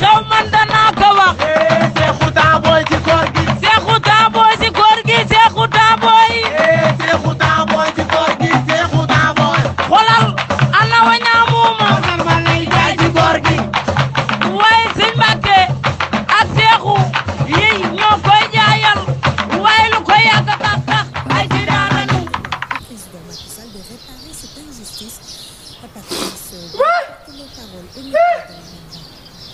xew man danaa ko wax. Seexu Taaboy ci koor gi. Seexu Taaboy ci koor gi Seexu Taaboy. Seexu Taaboy ci koor gi Seexu Taaboy. xoolal ana wa ñaamuuma. xoolal ma lay jaay ci koor gi. waaye sëñ Mbàkke ak Seexu yi ñoo koy jaayal waaye lu koy yàgg tax tax ay si daanañu. Patrice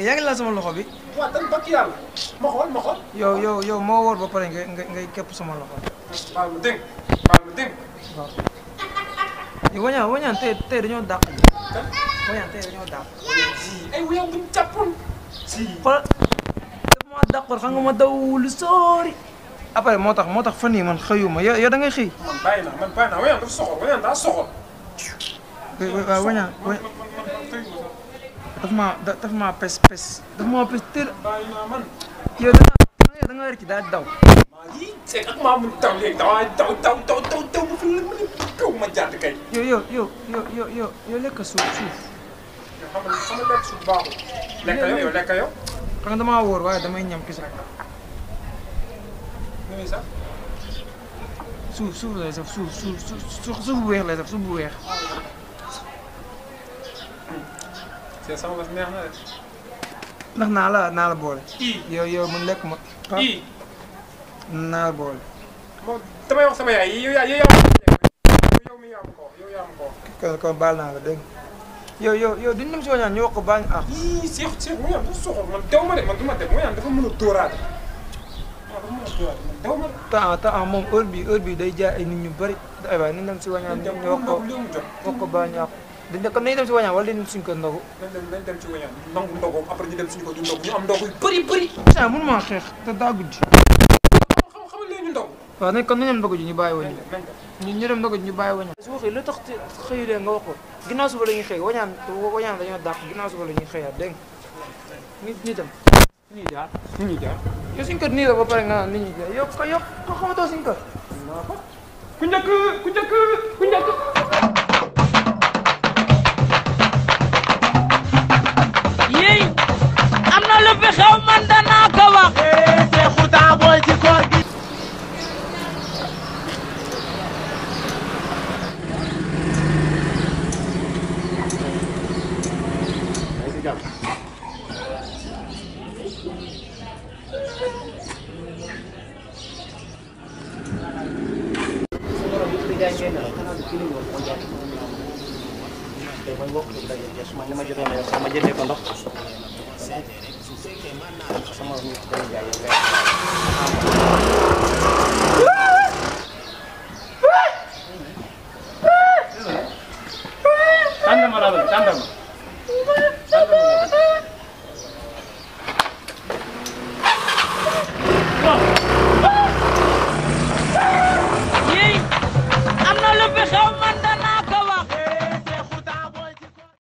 yaa ngi laal sama loxo bi. waaw dañ bakk yàlla. ma xool ma xool. yow yow yow moo wóor ba pare ngay ngay képp sama loxo. waaw dégg waaw dégg. waaw. wañaan wañaan tey tey dañoo dàq. wañaan tey dañoo dàq. ay yow duñ jàppoon. xoolal dafa maa dàqoon xam nga ma daw lu sóori. après moo tax moo tax fan yii man xëyuma yow yow da ngay xëy. man bàyyi naa man bàyyi naa wañaan dafa soxor wañaan daa soxor. wañaan wañaan. dafa maa dafa maa pes pes dafa maa pes teel. yow da nga da nga wér ci daal daw. c'est ak maa mun taw léegi daw daw daw daw daw daw ba fi mu ne taw ma jàdd kay. yow yow yow yow yow yow lekk suuf suuf. xam nga xam nga lekk suuf baaxul. lekk yow yow lekk yow. xam nga damaa wóor waaye damay ñam kese rek. nu muy sax. suuf suuf lay saf suuf suuf suuf suuf bu weex lay saf suuf bu weex. te sama bés neex na de. ndax naa la naa la boole. yow yow mu lekk ma. naa la boole. moom damay wax sama yaay yow yaa yow yow mi yaa baal naa la dégg yow yow yow duñ dem si wañaan ñu ko baal ñu ah. yii Cheikh a moom heure bi day jaay ay nit ñu bari aywa nañ si wañaan ñu wax ko wax ko dañ kon nañu dem si wañaan wala dañu suñ ko ndogu nañ dem ci wañaan nangu ndogoom après ñu dem suñ ko di ndogu ñu am ndogu yu bëri bëri sa mënu maa xeex te daa guddi xam xamal leen ñu ndogu waaw nañ kon nañ dem ndogu ji ñu bàyyi wañaan ñu ñu dem ndogu ji ñu bàyyi wañaan su waxee lu tax xëyu leen nga wax ko ginnaaw suba la ñuy xëy wañaan wañaan dañoo dàq ginnaaw suba la ñuy xëyaat dégg nga ñu dem ni jaar ni jaar yow suñ kër nii la ba pare nga naan ni ñuy jaar yow ko yow ko xamatoo suñ kër ku njëkk ku njëkk ku njëkk ma ma te mooy bokk ci daje ko man li ma jotee ma yor sax ma jëndee ko ndox sama nit koy jaay